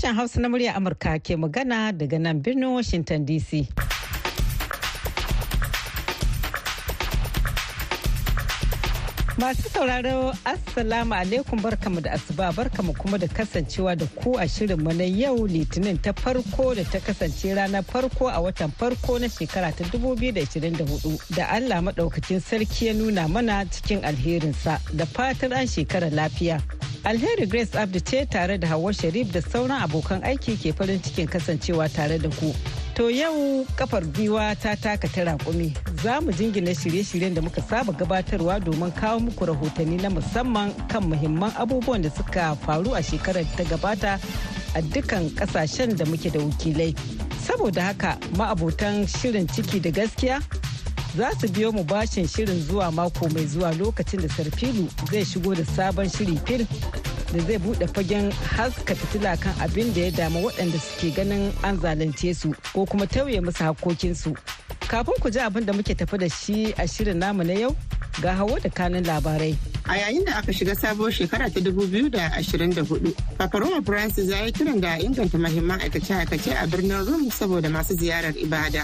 Sashen Hausa na murya Amurka ke magana daga nan birnin Washington DC. Masu sauraro Assalamu alaikum barkamu da asuba barkamu kuma da kasancewa da ku a shirin na yau litinin ta farko da ta kasance ranar farko a watan farko na shekara ta 2024 da Allah maɗaukacin sarki ya nuna mana cikin alherinsa da fatan an shekara lafiya. Alheri Grace Abdi ce tare da Hauwa Sharif da sauran abokan aiki ke farin cikin kasancewa tare da ku. To yau kafar gwiwa ta taka ta raƙumi za mu jingina shirye-shiryen da muka saba gabatarwa domin kawo muku rahotanni na musamman kan muhimman abubuwan da suka faru a shekarar ta gabata a dukkan kasashen da muke da wakilai. Saboda haka ma'abotan shirin ciki da gaskiya za su biyo mu bashin shirin zuwa mako mai zuwa lokacin da sarfilu zai shigo da sabon shiri fil da zai buɗe fagen haska fitila kan abin da ya damu waɗanda suke ganin an zalunce su ko kuma tauye musu hakokinsu. Kafin ku ji abin da muke tafi da shi a shirin namu na yau ga hawo da kanun labarai. A yayin da aka shiga sabuwar shekara ta dubu biyu 2024, fafaroma Francis ya yi kiran da inganta mahimman aikace-aikace a birnin Rome saboda masu ziyarar ibada.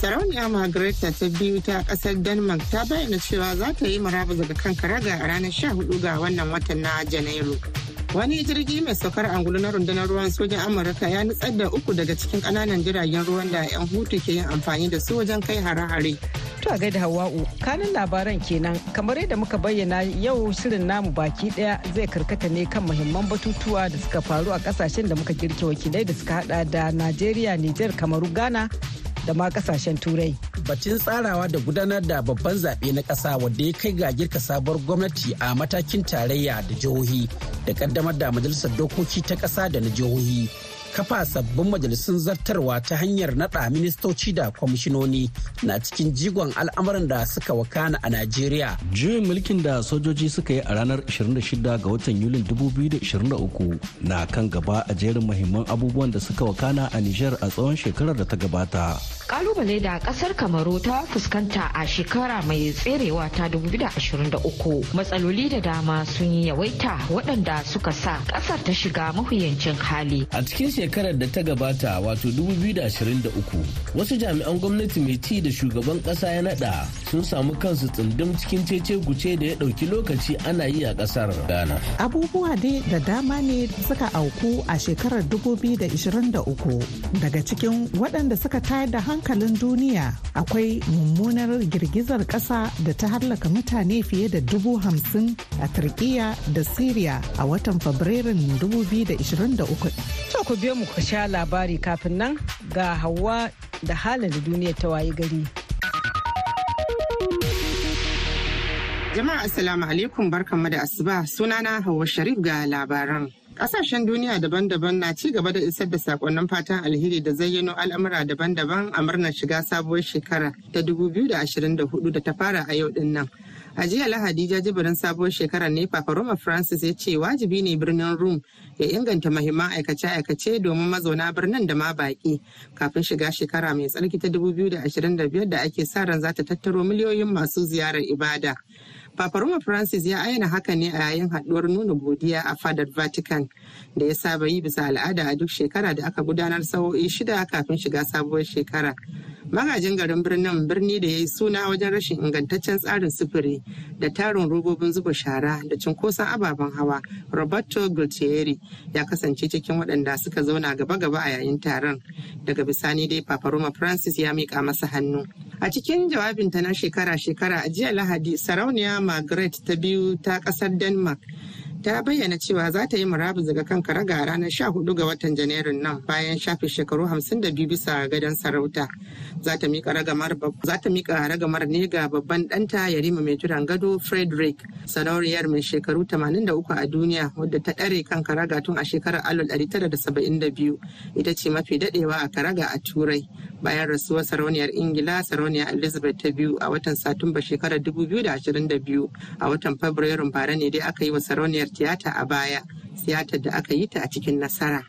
sarauniya margaretta ta biyu ta kasar denmark ta bayyana cewa za ta yi murabus daga kan karaga a ranar 14 ga wannan watan na janairu wani jirgi mai saukar angulu na rundunar ruwan sojan amurka ya nutsar da uku daga cikin kananan jiragen ruwan da 'yan hutu ke yin amfani da su wajen kai hare-hare To a gaida Hawa'u, kanin labaran kenan kamar yadda muka bayyana yau shirin namu baki daya zai karkata ne kan muhimman batutuwa da suka faru a kasashen da muka girke wakilai da suka hada da Najeriya, Nijar, Kamaru, Ghana da ma kasashen turai. Batun tsarawa da gudanar da babban zaɓe na ƙasa wadda ya kai ga girka sabuwar gwamnati a matakin tarayya da jihohi da ƙaddamar da majalisar dokoki ta ƙasa da na jihohi. Kafa sabbin majalisun zartarwa ta hanyar naɗa ministoci da kwamishinoni na cikin jigon al'amuran da suka wakana a Najeriya. Juyin mulkin da sojoji suka yi a ranar 26 ga watan Yulin 2023 na kan gaba a jerin mahimman abubuwan da suka wakana a Nijar a tsawon shekarar da ta gabata. kalubale da kasar kamaru ta fuskanta a shekara mai tserewa ta 2023 matsaloli da dama sun yi yawaita waɗanda suka sa kasar ta shiga mahuyancin hali a cikin shekarar da ta gabata wato 2023 wasu jami'an gwamnati mai ci da shugaban ƙasa ya naɗa sun samu kansu tsundum cikin cece guce da ya ɗauki lokaci ana yi a ƙasar ghana abubuwa dai da dama ne suka auku a shekarar 2023 daga cikin waɗanda suka tayar da hankali hankalin duniya akwai mummunar girgizar ƙasa da ta hallaka mutane fiye da dubu hamsin a turkiya da syria a watan fabrairun 2023 to ku biyo mu ku sha labari kafin nan ga hawa da halin da duniya ta wayi gari jama'a assalamu alaikum barkanmu da asuba sunana hawa sharif ga labaran Ƙasashen duniya daban-daban na ci gaba da isar da sakonnin fatan alheri da zayyano al'amura daban-daban a murnar shiga sabuwar shekara ta 2024 da ta fara a yau din nan. A jiya Lahadi jajibirin sabuwar shekarar ne Papa Roma Francis ya ce wajibi ne birnin Rum ya inganta mahimman aikace-aikace domin mazauna birnin da ma baƙi kafin shiga shekara mai tsarki ta 2025 da ake sa ran za ta tattaro miliyoyin masu ziyarar ibada. Papa Roma Francis ya ayyana haka ne a yayin haɗuwar nuna godiya a fadar Vatican da ya saba yi bisa al'ada a duk shekara da aka gudanar sa'o'i shida kafin shiga sabuwar shekara. magajin garin birnin birni da ya yi suna wajen rashin ingantaccen tsarin sufuri da tarin robobin zuba shara da cunkoson ababen hawa roberto gultieri ya kasance cikin waɗanda suka zauna gaba-gaba a yayin taron daga bisani dai paparoma francis ya miƙa masa hannu a cikin jawabinta na shekara-shekara a jiya lahadi sarauniya margaret ta biyu ta ƙasar denmark ta bayyana cewa za ta yi murabus daga kan karaga ranar 14 ga watan janairun nan bayan shafe shekaru 52 bisa gadon sarauta za ta mika ragamar ne ga babban ɗanta yarima mai turan gado frederick sanauriyar mai shekaru 83 a duniya wadda ta ɗare kan karaga tun a shekarar 1972 ita ce mafi daɗewa a karaga a turai bayan rasuwar sarauniyar ingila sarauniya elizabeth ta biyu a watan satumba shekarar 2022 a watan fabrairun bara ne dai aka yi wa sarauniyar tiyata a baya tiyatar da aka yi ta a cikin nasara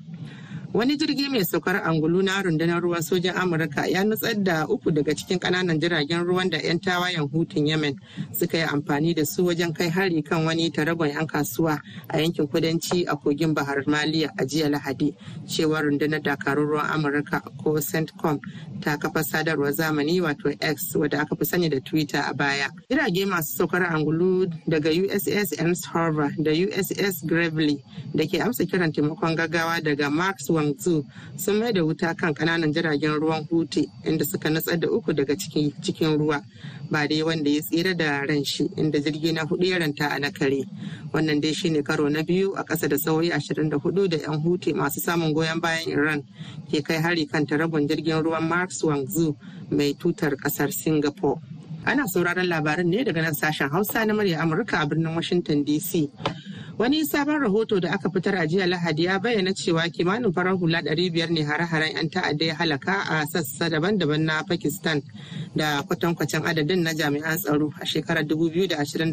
wani jirgi mai saukar angulu na rundunar ruwan sojan amurka ya nutsar da uku daga cikin ƙananan jiragen ruwan da 'yan tawayen hutun yemen suka yi amfani da su wajen kai hari kan wani taragon 'yan kasuwa a yankin kudanci a kogin bahar maliya a jiya lahadi Cewa rundunar dakarun ruwan amurka ko centcom ta kafa sadarwar zamani wato x wadda aka fi sani da twitter a baya jirage masu saukar angulu daga uss ernst harbor da uss gravely da ke amsa kiran taimakon gaggawa daga marks guangzhou sun mai da wuta kan kananan jiragen ruwan huti inda suka nutsar da uku daga cikin ruwa ba dai wanda ya tsira da ran shi inda jirgi na hudu ya ranta a nakare wannan dai shine karo na biyu a ƙasa da sauri 24 da 'yan huti masu samun goyon bayan iran ke kai hari kan tarabon jirgin ruwan mars wanzu mai tutar ƙasar singapore ana sauraron labaran ne daga nan sashen hausa na murya amurka a birnin washington dc Wani sabon rahoto da aka fitar a jiya Lahadi ya bayyana cewa kimanin farar hula 500 ne hare-haren 'yan ta'adda ya halaka a sassa daban-daban na Pakistan da kwatankwacin adadin na jami'an tsaro a shekarar 2023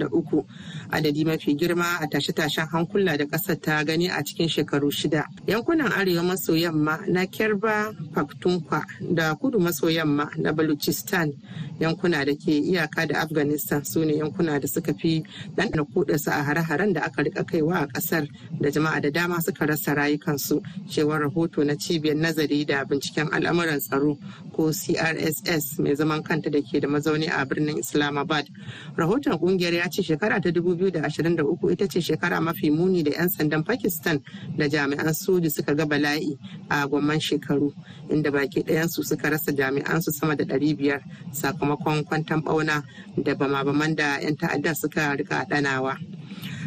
adadi mafi girma a tashe-tashen hankula da ƙasar ta gani a cikin shekaru shida. Yankunan arewa maso yamma na Kerba Paktunka da kudu maso yamma na Baluchistan yankuna da ke iyaka da Afghanistan su ne yankuna da suka fi ɗanɗana kudansu a hare-haren da aka rika kaiwa a kasar da jama'a da dama suka rasa rayukansu cewar rahoto na cibiyar nazari da binciken al'amuran tsaro ko crss mai zaman kanta da ke da mazauni a birnin islamabad rahoton kungiyar ya ce shekara ta 2023 ita ce shekara mafi muni da 'yan sandan pakistan da jami'an soji suka ga bala'i a gwamman shekaru inda baki ɗayansu suka rasa jami'ansu sama da 500 sakamakon kwantan bauna da bama-baman da 'yan ta'adda suka rika ɗanawa.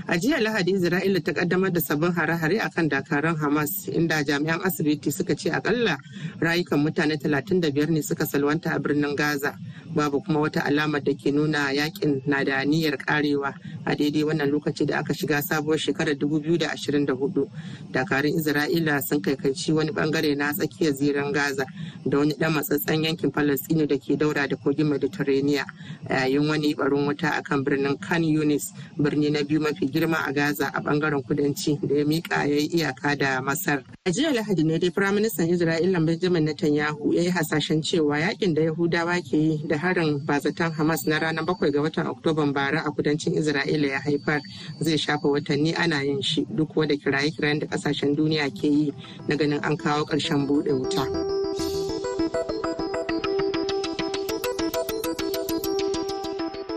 A jiya Lahadi Isra'ila ta kaddamar da sabbin hare-hare akan dakaran Hamas inda jami'an asibiti suka ce akalla rayukan mutane 35 ne suka salwanta a birnin Gaza babu kuma wata alamar da ke nuna yakin na da niyyar karewa a daidai wannan lokaci da aka shiga sabuwar shekarar 2024 dakarun isra'ila sun kaici wani bangare na tsakiyar ziran gaza da wani dan matsatsen yankin falastinu da ke daura da kogin mediterranean yayin wani barin wuta akan birnin khan yunis birni na biyu mafi girma a gaza a bangaren kudanci da ya mika ya yi iyaka da masar a jiya lahadi ne dai firaministan isra'ila benjamin netanyahu ya yi hasashen cewa yakin da yahudawa ke yi da har harin bazatan Hamas na ranar bakwai ga watan Oktoban bara a kudancin Isra'ila ya haifar zai shafa watanni ana yin shi duk wanda kiraye-kirayen da kasashen duniya ke yi na ganin an kawo ƙarshen buɗe wuta.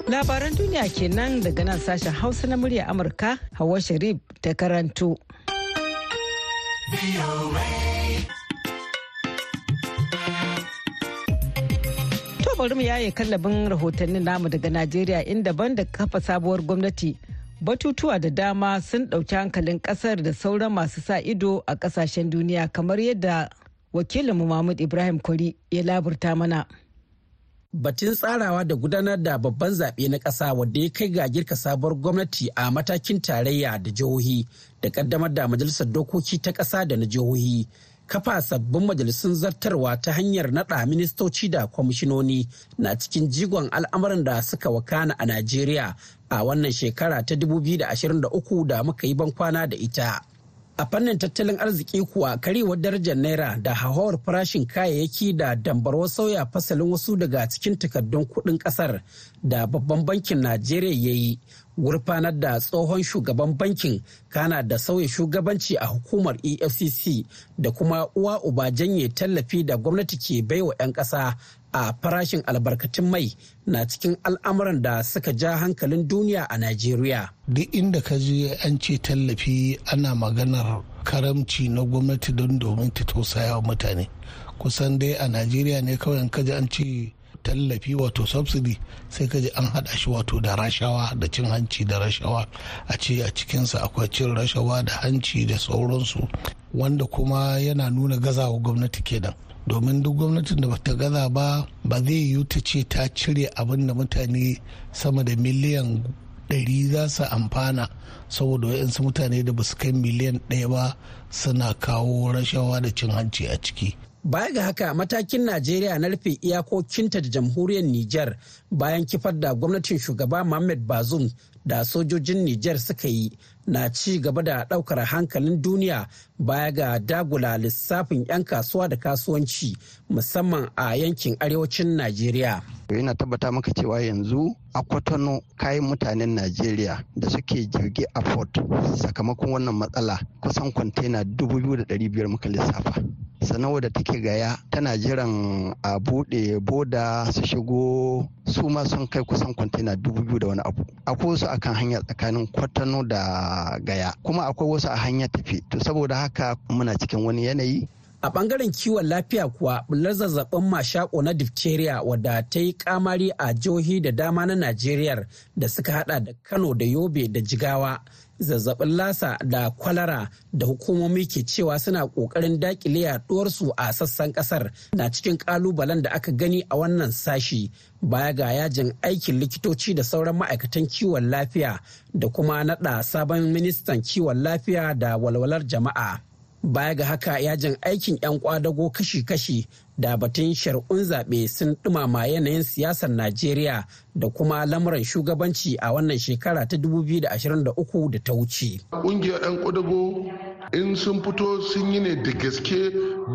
Labaran duniya kenan daga nan sashen Hausa na murya Amurka, Hawa Sharif ta karantu. bari mu yaye kallabin rahotannin namu daga Najeriya inda ban da kafa sabuwar gwamnati batutuwa da dama sun ɗauki hankalin ƙasar da sauran masu sa ido a ƙasashen duniya kamar yadda wakilinmu Mahmud Ibrahim Kwari ya laburta mana. batun tsarawa da gudanar da babban zaɓe na ƙasa wadda ya kai ga girka sabuwar gwamnati a matakin tarayya da jihohi da ƙaddamar da majalisar dokoki ta ƙasa da na jihohi kafa sabbin majalisun zartarwa ta hanyar naɗa ministoci da kwamishinoni na cikin jigon al'amarin da suka wakana a najeriya a wannan shekara ta 2023 da muka yi bankwana da ita a fannin tattalin arziki kuwa karewar darajar naira da hauhawar farashin kayayyaki da dambarwar sauya fasalin wasu daga cikin takardun kuɗin ƙasar da babban bankin najeriya ya yi gurfanar da tsohon shugaban bankin kana da sauya shugabanci a hukumar efcc da kuma uwa uba janye tallafi da gwamnati ke baiwa 'yan ƙasa a farashin albarkacin mai na cikin al'amuran da suka ja hankalin duniya a Najeriya. Duk inda ka je an ce tallafi ana maganar karamci na gwamnati don domin ta tausaya wa mutane. Kusan dai a Najeriya ne kawai ka ji an ce tallafi wato subsidy sai ka an haɗa shi wato da rashawa da cin hanci da rashawa a ce a cikinsa akwai cin rashawa da hanci da sauransu wanda kuma yana nuna gazawa gwamnati kenan domin duk gwamnatin da bata gaza ba ba zai yiwu ta ce ta cire abin da mutane sama da miliyan ɗari za su amfana saboda waɗansu mutane da ba kai miliyan ɗaya ba suna kawo rashawa da cin hanci a ciki. Baya ga haka matakin Najeriya na rufe iyakokinta da jamhuriyar Nijar bayan kifar da gwamnatin shugaba Mohamed Bazoum da sojojin Nijar suka yi na ci gaba da ɗaukar hankalin duniya baya ga dagula lissafin 'yan kasuwa da kasuwanci musamman a yankin arewacin najeriya yana tabbata maka cewa yanzu a kwatano kayan mutanen najeriya da suke jirgi a port sakamakon wannan matsala kusan kwantena 2,500 muka lissafa sanawa da take gaya tana jiran a bude boda su shigo su ma sun kai kusan kwantena 2,000 da wani abu akwai wasu akan hanya tsakanin kwatano da gaya kuma akwai wasu a hanyar tafi to saboda haka muna cikin wani yanayi a bangaren kiwon lafiya kuwa bular zazzabin mashako na diphtheria wadda ta yi kamari a jihohi da dama na najeriya da suka hada da kano da yobe da jigawa zazzabin lasa da kwalara da hukumomi ke cewa suna ƙoƙarin dakile yaduwarsu a sassan ƙasar na cikin ƙalubalen da aka gani a wannan sashi baya ga yajin aikin likitoci da sauran ma'aikatan kiwon lafiya da kuma naɗa sabon ministan kiwon lafiya da walwalar jama'a. baya ga haka yajin aikin 'yan kwadago kashi-kashi da batun shari'un zaɓe sun ɗumama yanayin siyasar Najeriya da kuma lamuran shugabanci a wannan shekara ta 2023 da ta wuce. Ƙungiyar 'yan ƙudugo in sun fito sun yi ne da gaske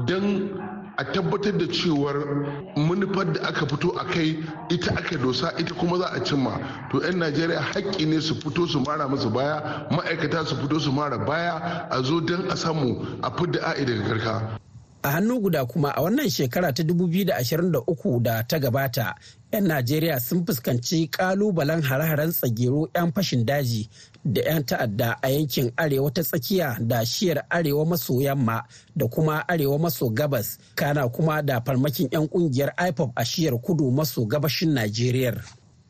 don a tabbatar da cewar manufar da aka fito a kai ita aka dosa ita kuma za a cimma to 'yan najeriya haƙƙi ne su fito su mara musu baya ma'aikata su fito su mara baya a zo don a samu a fidda a'i daga karka a hannu guda kuma a wannan shekara ta 2023 da ta gabata 'yan najeriya sun fuskanci kalubalen hare-haren tsagero 'yan fashin daji da 'yan ta'adda a yankin arewa ta tsakiya da shiyar arewa maso yamma da kuma arewa maso gabas kana kuma da farmakin 'yan kungiyar ipop a shiyar kudu maso gabashin najeriya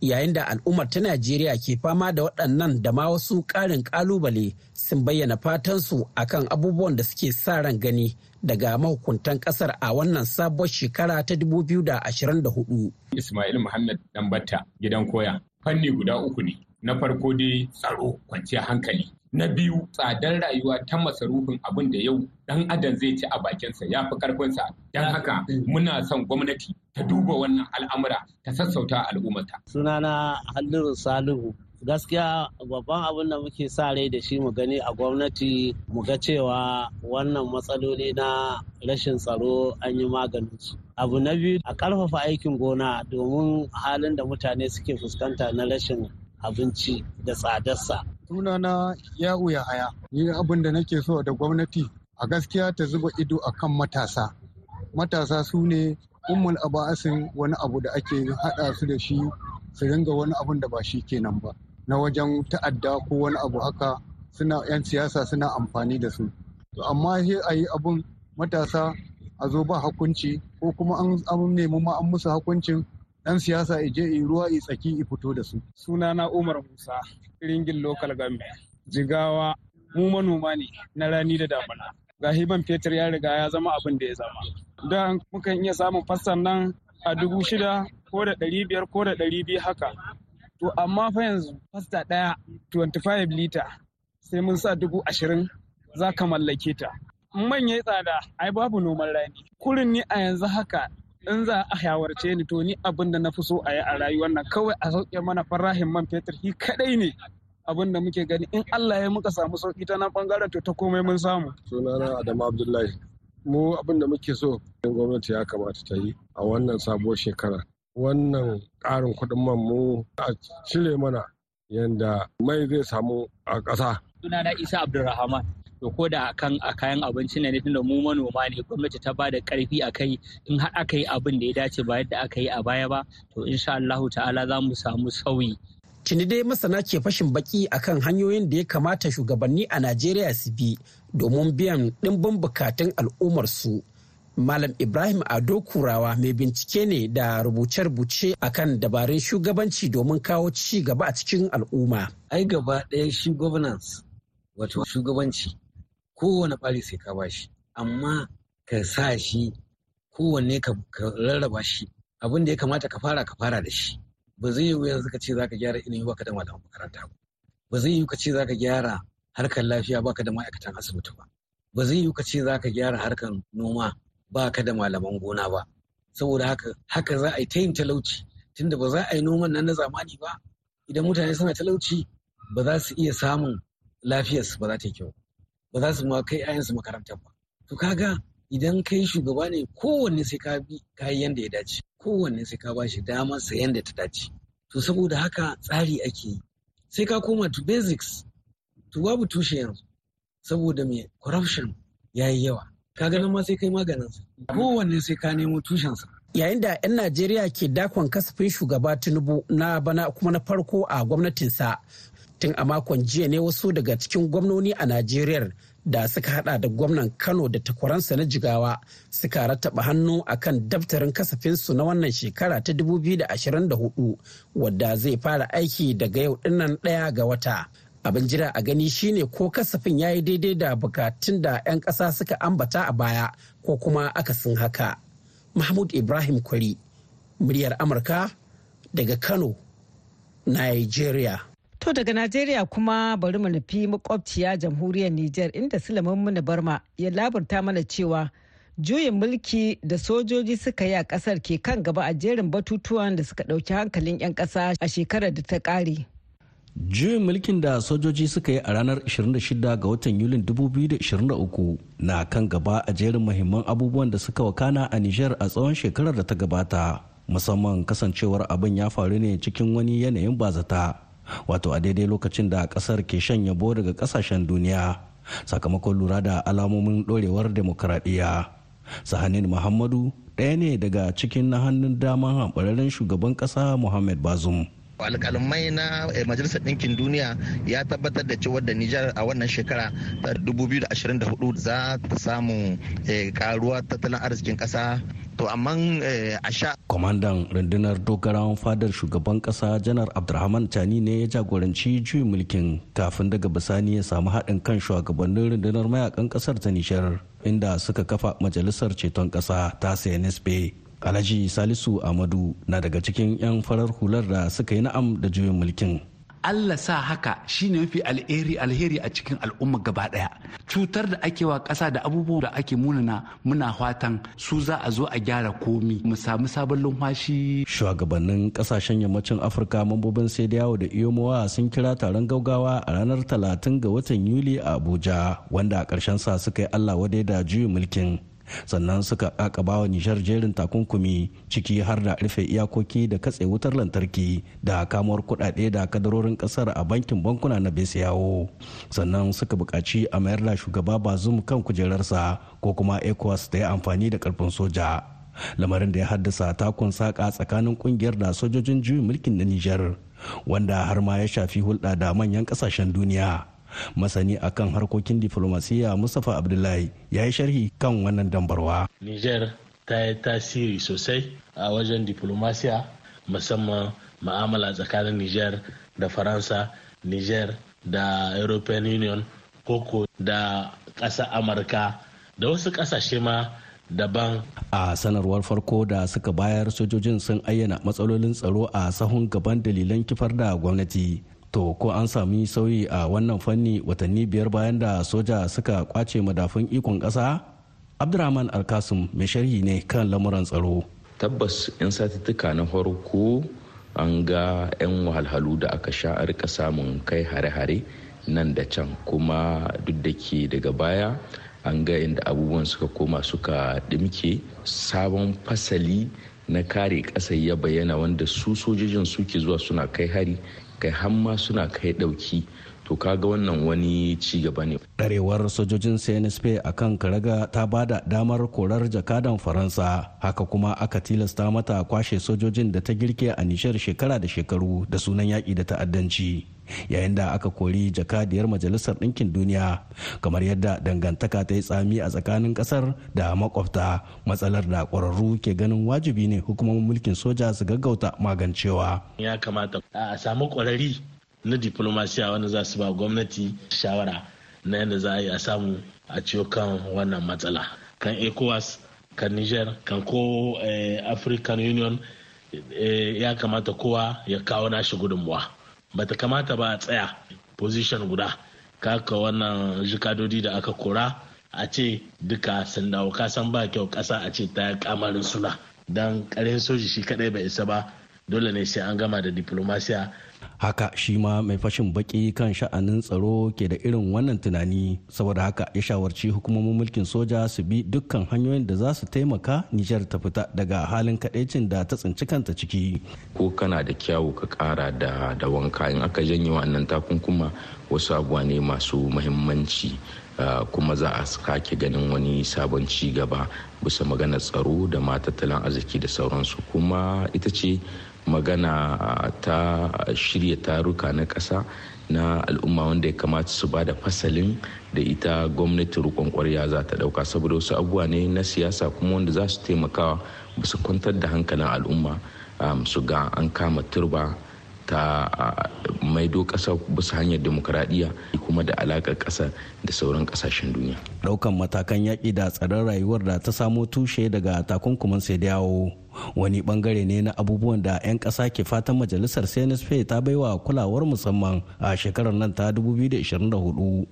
yayin da al'ummar ta najeriya ke fama da waɗannan da ma wasu ƙarin ƙalubale sun bayyana fatansu akan abubuwan da suke sa ran gani daga mahukuntan kasar a wannan sabuwar shekara ta 2024. Ismail Muhammad Dambata gidan koya fanni guda uku ne. Na farko dai tsaro kwanciyar hankali. Na biyu tsadar rayuwa ta masarufin abin da yau dan adam zai ci a bakinsa ya fi karfinsa. Don haka muna son gwamnati ta duba wannan al'amura ta sassauta al'ummata. Sunana Halliru Salihu gaskiya babban abin da muke sa rai da shi mu gani a gwamnati mu ga cewa wannan matsaloli na rashin tsaro an yi maganin su abu na biyu a karfafa aikin gona domin halin da mutane suke fuskanta na rashin abinci da tsadarsa Suna na ya haya ni abin da nake so da gwamnati a gaskiya ta zuba ido akan matasa matasa su ne ummul aba'asin wani abu da ake haɗa su da shi su ringa wani abun da ba shi kenan ba na wajen ta'adda ko wani abu haka suna 'yan siyasa suna amfani da su to amma sai a yi abun matasa a zo ba hakunci ko kuma an nemi ma an musu hakuncin dan siyasa ije i ruwa i tsaki i fito da su sunana umar musa ringin local government jigawa mu manoma ne na rani da damuna ga hiban fetur ya riga ya zama abin da ya zama da mukan iya samun fassan nan a dubu shida ko da ɗari biyar ko da ɗari biyu haka to amma fa yanzu fasta ɗaya 25 lita sai mun sa dubu ashirin za ka mallake ta manya tsada ai babu noman rani kurin ni a yanzu haka in za a yawarce ni to ni abin da na fi so a yi a rayuwar nan kawai a sauke mana farahin man fetur shi kadai ne abin da muke gani in Allah ya muka samu sauki ta nan bangaren to ta komai mun samu sunana Adamu Abdullahi mu abin da muke so gwamnati ya kamata ta yi a wannan sabuwar shekara wannan ƙarin kuɗin man mu a cire mana yadda mai zai samu a ƙasa. Sunana Isa Abdulrahman. to ko da kan a kayan abinci ne tunda mu manoma ne gwamnati ta bada karfi a kai in har aka yi abin da ya dace ba yadda aka yi a baya ba to insha Allah ta'ala za mu samu sauyi tuni dai masana ke fashin baki akan hanyoyin da ya kamata shugabanni a Najeriya su bi domin biyan dimbin bukatun al'ummar su Malam Ibrahim Ado Kurawa mai bincike ne da rubuce-rubuce akan dabarun shugabanci domin kawo ci gaba a cikin al'umma. Ai gaba ɗaya shi governance wato shugabanci kowane ɓari sai ka bashi amma ka sa shi kowanne ka rarraba shi abin da ya kamata ka fara ka fara da shi ba zai yiwu yanzu ka ce za ka gyara ilimi ba ka da malaman makaranta ba Ba zai yiwu ka ce za ka gyara harkar lafiya ba ka da ma'aikatan asibiti ba ba zai yiwu ka ce za ka gyara harkar noma ba ka da malaman gona ba saboda haka haka za a yi ta yin talauci tunda ba za a yi noman nan na zamani ba idan mutane suna talauci ba za su iya samun lafiyarsu ba za ta yi kyau ba za su ma kai 'ya'yansu makaranta ba to kaga idan kai shugaba ne kowanne sai ka bi yanda ya dace kowanne sai ka bashi damar sa yanda ta dace to saboda haka tsari ake yi sai ka koma to basics to babu tushe yanzu saboda me corruption ya yi yawa ka ganin ma sai kai maganin su kowanne sai ka nemo tushen sa yayin da 'yan najeriya ke dakon kasafin shugaba tinubu na bana kuma na farko a gwamnatinsa tun a makon jiya ne wasu daga cikin gwamnoni a najeriya da suka hada da gwamnan kano da takwaransa na jigawa suka rattaba hannu a akan daftarin kasafinsu na wannan shekara ta 2024 wadda zai fara aiki daga yau dinnan daya ga wata abin jira a gani shine ko kasafin ya yi daidai da bukatun da 'yan ƙasa suka ambata a baya ko kuma aka sun haka mahmud ibrahim kwari muryar amurka daga kano nigeria To daga Najeriya kuma bari mu nufi makwabciya jamhuriyar Nijar inda Sulaiman Muna Barma ya labarta mana cewa juyin mulki da sojoji suka yi a kasar ke kan gaba a jerin batutuwan da suka ɗauki hankalin 'yan ƙasa a shekarar da ta ƙare. Juyin mulkin da sojoji suka yi a ranar 26 ga watan Yulin 2023 na kan gaba a jerin mahimman abubuwan da suka wakana a Nijar a tsawon shekarar da ta gabata, musamman kasancewar abin ya faru ne cikin wani yanayin bazata, wato a daidai lokacin da kasar ke shan yabo daga kasashen duniya, sakamakon lura da alamomin ɗorewar demokuraɗiyya. Sahanin Muhammadu ɗaya ne daga cikin na hannun daman shugaban ƙasa Muhammad Bazum. alƙalmai na eh, majalisar ɗinkin duniya ya tabbatar da cewa da nijar a wannan shekara ta 2024 za ta samu eh, karuwa tattalin arzikin ƙasa to amma eh, a sha kwamandan rundunar dogara fadar shugaban kasa janar abdulrahman chani ne ya jagoranci juyin mulkin kafin daga bisani ya samu haɗin kan shugabannin rundunar mayakan ƙasar ta nishar inda suka kafa majalisar ceton ƙasa ta cnsp alhaji salisu amadu na daga cikin 'yan farar hular da suka yi na'am da juyin mulkin Allah sa haka shine mafi alheri alheri a cikin al'umma gaba daya cutar da ake wa ƙasa da abubuwan da ake munana muna fatan su za a zo a gyara komi mu samu sabon lumfashi shugabannin kasashen yammacin afirka mambobin sai da yawo da iyomowa sun kira taron gaugawa a ranar talatin ga watan yuli a abuja wanda a ƙarshen sa suka yi allah wadai da juyin mulkin sannan suka kakaba wa nishar jerin takunkumi ciki har da rufe iyakoki da katse wutar lantarki da kamuwar kudade da kadarorin kasar a bankin bankuna na besiyawo sannan suka buƙaci a mayar da shugaba bazum kan kujerarsa ko kuma ecowas da ya amfani da karfin soja lamarin da ya haddasa takun saƙa tsakanin kungiyar da sojojin juyin mulkin na nijar wanda har ma ya shafi hulɗa da manyan ƙasashen duniya masani a kan harkokin diflomasiyya mustapha abdullahi ya yi sharhi kan wannan dambarwa niger ta yi tasiri sosai a wajen diflomasiya musamman ma'amala tsakanin niger da faransa niger da european union koko da ƙasa amurka da wasu ƙasashe ma daban. A sanarwar farko da suka bayar sojojin sun ayyana matsalolin tsaro a sahun gaban dalilan kifar da gwamnati to ko an sami sauyi a wannan fanni watanni biyar bayan da soja suka kwace madafun ikon ƙasa abdurrahman alkasum mai sharhi ne kan lamuran tsaro tabbas 'yan satuttuka na farko an ga 'yan wahalhalu da aka sha a rika samun kai hare-hare nan da can kuma duk da ke daga baya an ga inda abubuwan suka koma suka dimke sabon fasali na kare ƙasa ya bayyana wanda su sojojin suke zuwa suna kai hari kai hamma suna kai ɗauki to kaga wannan wani ci gaba ne. Darewar sojojin CNSP a kan Karaga ta ba da damar korar jakadan Faransa haka kuma aka tilasta mata kwashe sojojin da ta girke a nishar shekara da shekaru da sunan yaƙi da ta'addanci. yayin da aka kori jakadiyar majalisar ɗinkin duniya kamar yadda dangantaka ta yi tsami a tsakanin ƙasar da makwabta matsalar da ƙwararru ke ganin wajibi ne hukumomin mulkin soja su gaggauta magancewa ya kamata a samu ƙwararri na diplomasiya wanda za su ba gwamnati shawara na yadda za a yi a samu a ciwo kan wannan matsala kan ecowas kan niger kan ko eh, african union eh, ya kamata kowa ya kawo nashi gudunmuwa bata kamata ba a tsaya position guda kaka wannan jikadodi da aka kora a ce duka sun dawo kasan ba kyau kasa a ce ta kamarin suna don karin soji shi kadai bai isa ba dole ne sai an gama da diplomasiya haka shi ma mai fashin baki kan sha'anin tsaro ke da irin wannan tunani saboda haka ya shawarci hukumomin mulkin soja su bi dukkan hanyoyin da za su taimaka nijar ta fita daga halin kadaicin da ta tsinci kanta ciki ko kana da kyawu ka kara da da wanka in aka janye wannan takunkuma wasu abuwa ne masu muhimmanci ah, kuma za a sake ganin wani sabon ci gaba bisa maganar tsaro da ma tattalin arziki da sauransu kuma ita ce magana ta shirya taruka na ƙasa na al'umma wanda ya kamata su ba da fasalin da ita gwamnati rukon kwarya za ta dauka saboda wasu abuwa ne na siyasa kuma wanda za su taimakawa ba su kwantar da hankalin al'umma um, su ga an kama turba ta maido ƙasa bisa hanyar demokuraɗiyya kuma da alaƙar ƙasa da sauran ƙasashen duniya. Ɗaukan matakan yaƙi da tsaron rayuwar da ta samo tushe daga takunkuman sai dawo. wani bangare ne na abubuwan da 'yan ƙasa ke fatan majalisar cnsp ta baiwa kulawar musamman a shekarar nan ta 2024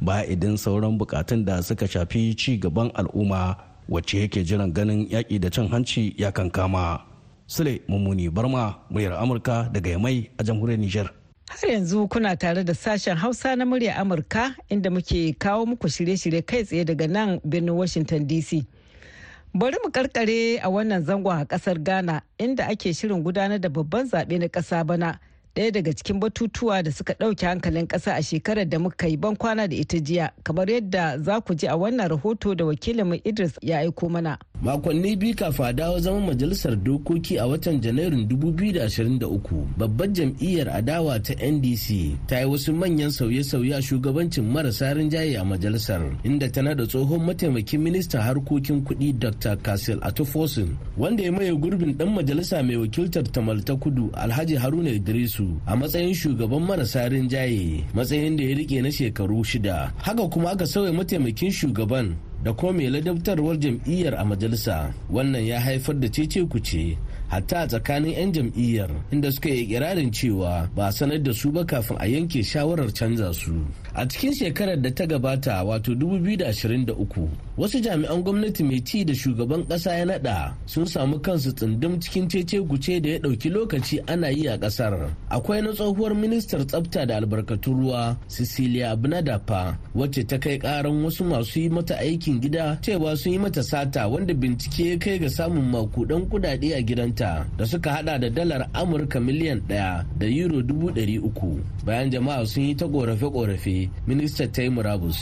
ba idan sauran bukatun da suka shafi ci gaban al'umma wacce yake jiran ganin yaƙi da cin hanci ya kama sule mummuni barma muryar amurka daga yamai a jamhuriyar niger Har yanzu kuna tare da sashen Hausa na murya Amurka inda muke kawo muku shirye-shirye kai tsaye daga nan birnin Washington DC. Bari mu karkare a wannan zangon a kasar Ghana inda ake shirin gudanar da babban zaɓe na ƙasa bana. ɗaya daga cikin batutuwa da suka ɗauke hankalin ƙasa a shekarar da muka yi ban kwana da ita jiya kamar yadda za ku ji a wannan rahoto da wakilinmu idris ya aiko mana makonni biyu kafa dawo zaman majalisar dokoki a watan janairun 2023 babbar jam'iyyar adawa ta ndc ta yi wasu manyan sauye-sauye a shugabancin marasa rinjaye a majalisar inda ta da tsohon mataimakin ministan harkokin kuɗi dr kasil atufosin wanda ya maye gurbin ɗan majalisa mai wakiltar tamal ta kudu alhaji haruna idrisu musu a matsayin shugaban marasa rinjaye matsayin da ya rike na shekaru shida haka kuma aka sauya mataimakin shugaban da kuma mai ladabtarwar jam'iyyar a majalisa wannan ya haifar da cece ce hatta a tsakanin 'yan jam'iyyar inda suka yi kirarin cewa ba a sanar da su ba kafin a yanke shawarar canza su a cikin shekarar da ta gabata wato 2023 wasu jami'an gwamnati mai ci da shugaban kasa ya nada sun samu kansu tsundum cikin cece guce da ya dauki lokaci ana yi a kasar akwai na tsohuwar ministar tsafta da albarkatun ruwa cecilia abinadapa wacce ta kai karan wasu masu yi mata aikin gida cewa sun yi mata sata wanda bincike ya kai ga samun makudan kudade a gidanta da suka hada da dalar amurka miliyan daya da euro dubu dari uku bayan jama'a sun yi ta korafe-korafe ministar ta yi murabus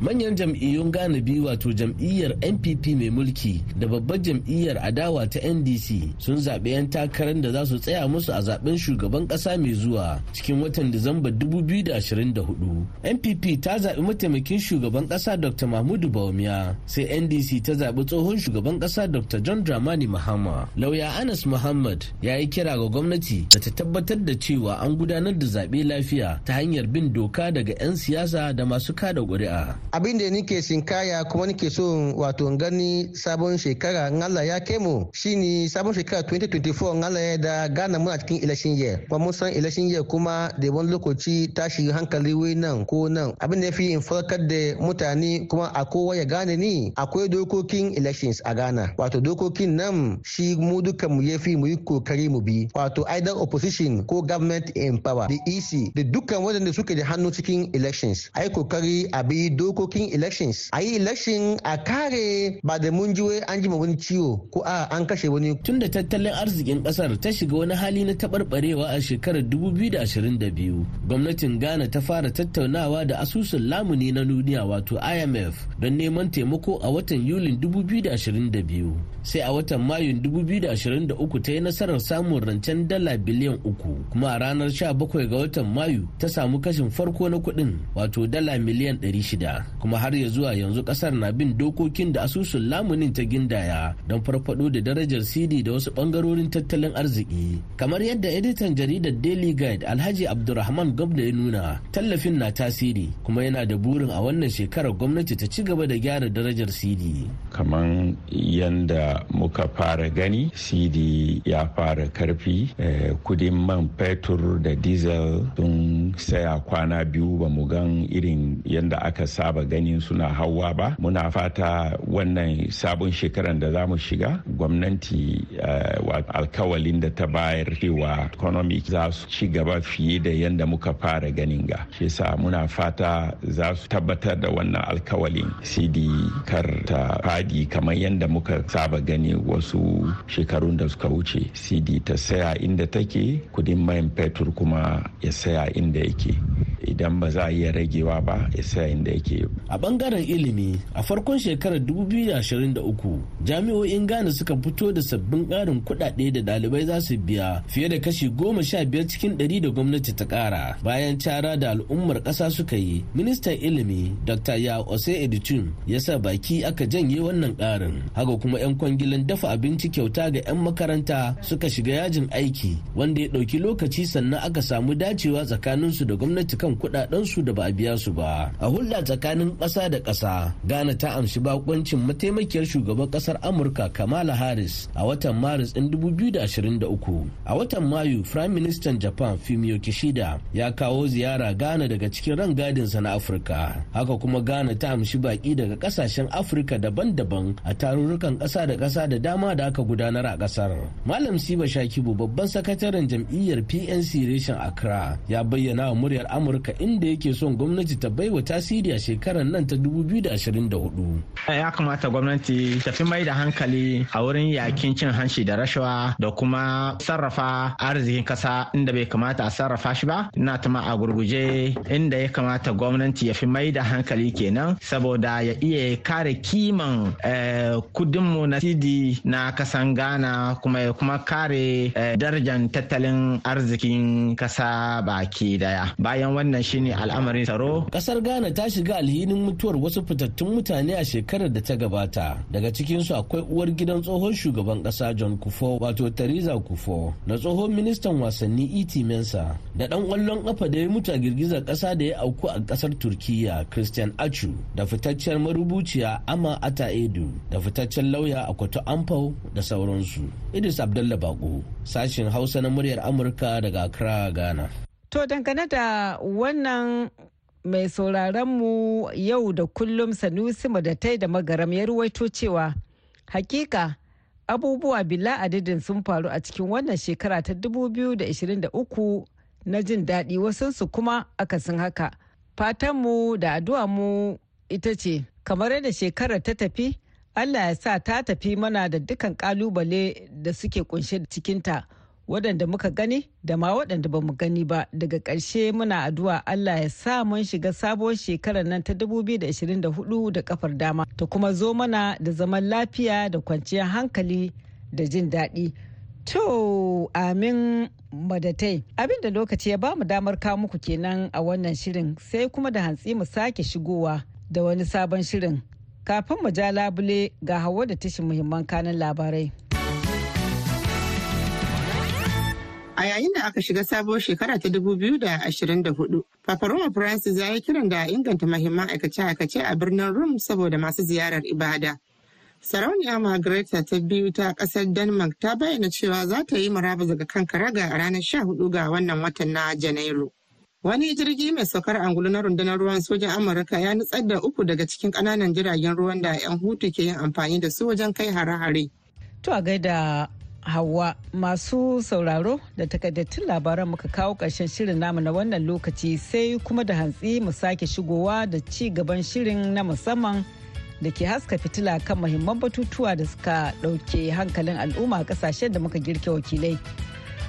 manyan jam'iyyun ganabi biyu wato jam'iyyar npp mai mulki da babbar jam'iyyar adawa ta ndc sun zaɓi 'yan takarar da za su tsaya musu a zaɓen shugaban ƙasa mai zuwa cikin watan disamba 2024 npp ta zaɓi mataimakin shugaban ƙasa dr mahmudu bawumia sai ndc ta zaɓi tsohon shugaban ƙasa dr john dramani mahama lauya anas muhammad ya yi kira ga gwamnati da ta tabbatar da cewa an gudanar da zaɓe lafiya ta hanyar bin doka daga 'yan siyasa da masu kada ƙuri'a abin da nike sinkaya kuma nike so wato gani sabon shekara in Allah ya kai mu shine sabon shekara 2024 in Allah ya da gana muna cikin election year kuma mun san election year kuma da wani lokaci tashi hankali wai nan ko nan abin da fi in farkar da mutane kuma a kowa ya gane ni akwai dokokin elections a Ghana wato dokokin nan shi mu duka mu yafi mu yi kokari mu bi wato either opposition ko government in power the EC da dukkan waɗanda suke da hannu cikin elections ai kokari a bi dokokin dokokin elections a yi election a kare ba da mun ji an ji wani ciwo ko a an kashe wani tun da tattalin arzikin kasar ta shiga wani hali na taɓarɓarewa a shekarar 2022 gwamnatin ghana ta fara tattaunawa da asusun lamuni na duniya wato imf don neman taimako a watan yulin 2022 sai a watan mayun 2023 ta yi nasarar samun rancen dala biliyan uku kuma a ranar 17 ga watan mayu ta samu kashin farko na kuɗin wato dala miliyan 600 kuma har ya zuwa yanzu kasar na bin dokokin da asusun lamunin ta gindaya don farfado da darajar cd da wasu bangarorin tattalin arziki kamar yadda editan jaridar daily guide alhaji abdurrahman gwamna ya nuna tallafin na tasiri kuma yana da burin a wannan shekarar gwamnati ta ci gaba da gyara darajar cd kamar yadda muka fara gani cd ya fara karfi eh, kudin man fetur da diesel sun saya kwana biyu ba mu gan irin yadda aka saba saba ganin suna hauwa ba muna fata wannan sabon shekaran da za mu shiga gwamnati eh, alkawalin da ta bayar cewa economic za su ci gaba fiye da yadda muka fara ganin ga shi sa muna fata za su tabbatar da wannan alkawalin cd kar ta fadi kamar yadda muka saba gani wasu shekarun da suka wuce cd ta saya inda take kudin mayan fetur kuma ya saya inda yake idan ba za a iya ragewa ba ya saya inda yake A bangaren ilimi, a farkon shekarar 2023, jami'o'in Ghana suka fito da sabbin ƙarin kuɗaɗe da ɗalibai za su biya fiye da kashi goma sha biyar cikin ɗari da gwamnati ta ƙara. Bayan cara da al'ummar ƙasa suka yi, ministan ilimi Dr. Ya Ose Editun ya sa baki aka janye wannan ƙarin. Haka kuma 'yan kwangilan dafa abinci kyauta ga 'yan makaranta suka shiga yajin aiki wanda ya ɗauki lokaci sannan aka samu dacewa tsakaninsu da gwamnati kan kuɗaɗensu da ba a biya su ba. A hulɗa tsakanin tsakanin ƙasa da ƙasa ghana ta amshi bakoncin mataimakiyar shugaban ƙasar amurka kamala harris a watan maris ɗin 2023 a watan mayu prime minister japan fumio kishida ya kawo ziyara ghana daga cikin rangadinsa na afirka haka kuma ghana ta amshi baƙi daga ƙasashen afirka daban-daban a tarurrukan ƙasa da ƙasa da dama da aka gudanar a ƙasar malam siba shakibu babban sakataren jam'iyyar pnc reshen accra ya bayyana wa muryar amurka inda yake son gwamnati ta baiwa tasiri a shekaru shekarar nan ta 2024. Ya kamata gwamnati ta fi mai da hankali a wurin yakin cin hanci da rashawa da kuma sarrafa arzikin kasa inda bai kamata a sarrafa shi ba. Ina ma a gurguje inda ya kamata gwamnati ya fi mai da hankali kenan saboda ya iya kare kiman eh, kudinmu na sidi na kasan Ghana kuma ya kuma kare eh, darajar tattalin arzikin kasa baki daya. Bayan wannan shine al'amarin tsaro. Kasar Ghana ta shiga alheri alhinin mutuwar wasu fitattun mutane a shekarar da ta gabata daga cikinsu akwai uwar gidan tsohon shugaban kasa john kufo wato theresa kufo na tsohon ministan wasanni et mensa da dan kwallon kafa da ya mutu a girgizar kasa da ya auku a kasar turkiya christian achu da fitaccen marubuciya ama ata edu da fitaccen lauya a kwato amfau da sauransu idris Abdullahi bako sashin hausa na muryar amurka daga accra ghana to dangane da wannan mai mu yau da kullum sanusi madatai da magaram ya ruwaito cewa hakika abubuwa bila adadin sun faru a cikin wannan shekara ta 2023 na jin daɗi wasansu kuma aka sun haka fatan mu da addu'a mu ita ce kamar yadda shekarar ta tafi allah ya sa ta tafi mana da dukkan kalubale da suke kunshe cikinta waɗanda muka gani da ma waɗanda ba mu gani ba daga ƙarshe muna addu'a Allah ya sa mun shiga sabon shekarar nan ta 2024 da kafar dama ta kuma zo mana da zaman lafiya da kwanciyar hankali da jin daɗi. To amin madatai abin da lokaci ya ba mu damar kawo muku kenan a wannan shirin sai kuma da hantsi mu sake shigowa da wani sabon shirin kafin mu ja labule ga hawa da tashin muhimman kanan labarai. A yayin da aka shiga sabuwar shekara ta 2024, Papa Roma Francis ya yi kiran da inganta mahimman aikace-aikace a birnin Rome saboda masu ziyarar ibada. Sarauniya Margareta ta biyu ta kasar Denmark ta bayyana cewa za ta yi maraba daga kan karaga a ranar hudu ga wannan watan na Janairu. Wani jirgi mai saukar angulu na rundunar ruwan sojan Amurka ya nutsar da uku daga cikin ƙananan jiragen ruwan da 'yan hutu ke yin amfani da su wajen kai hare-hare. To a gaida Hauwa masu sauraro da takaddatun labaran muka kawo ƙarshen shirin namu na wannan lokaci sai kuma da hantsi mu sake shigowa da ci gaban shirin na musamman da ke haska fitila kan mahimman batutuwa da suka ɗauke hankalin al'umma a ƙasashen da muka girke wakilai.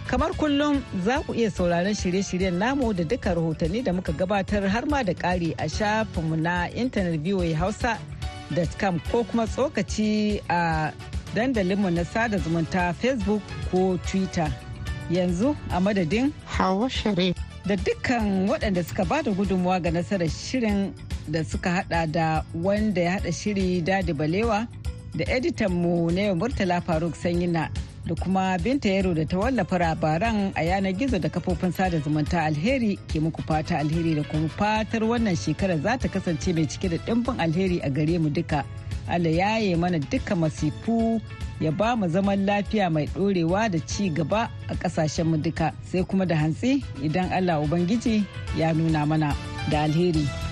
Kamar kullum za ku iya sauraron shirye-shiryen namu da duka rahotanni da muka gabatar har ma da ƙari a shafinmu na intanet hausa.com ko kuma tsokaci a dandalinmu na sada zumunta facebook ko twitter yanzu a madadin hawa da dukkan waɗanda suka ba da gudunmuwa ga nasarar shirin da suka hada da wanda ya hada shiri dadi balewa da editan mu na yau murtala faruk sanyina da kuma binta yaro da ta wallafa labaran a yanar gizo da kafofin sada zumunta alheri ke muku fata alheri da kuma fatar wannan shekarar za ta kasance mai cike da dimbin alheri a gare mu duka. Allah yi mana duka masifu ya ba mu zaman lafiya mai ɗorewa da ci gaba a ƙasashen mu duka sai kuma da hantsi idan Allah Ubangiji ya nuna mana da alheri.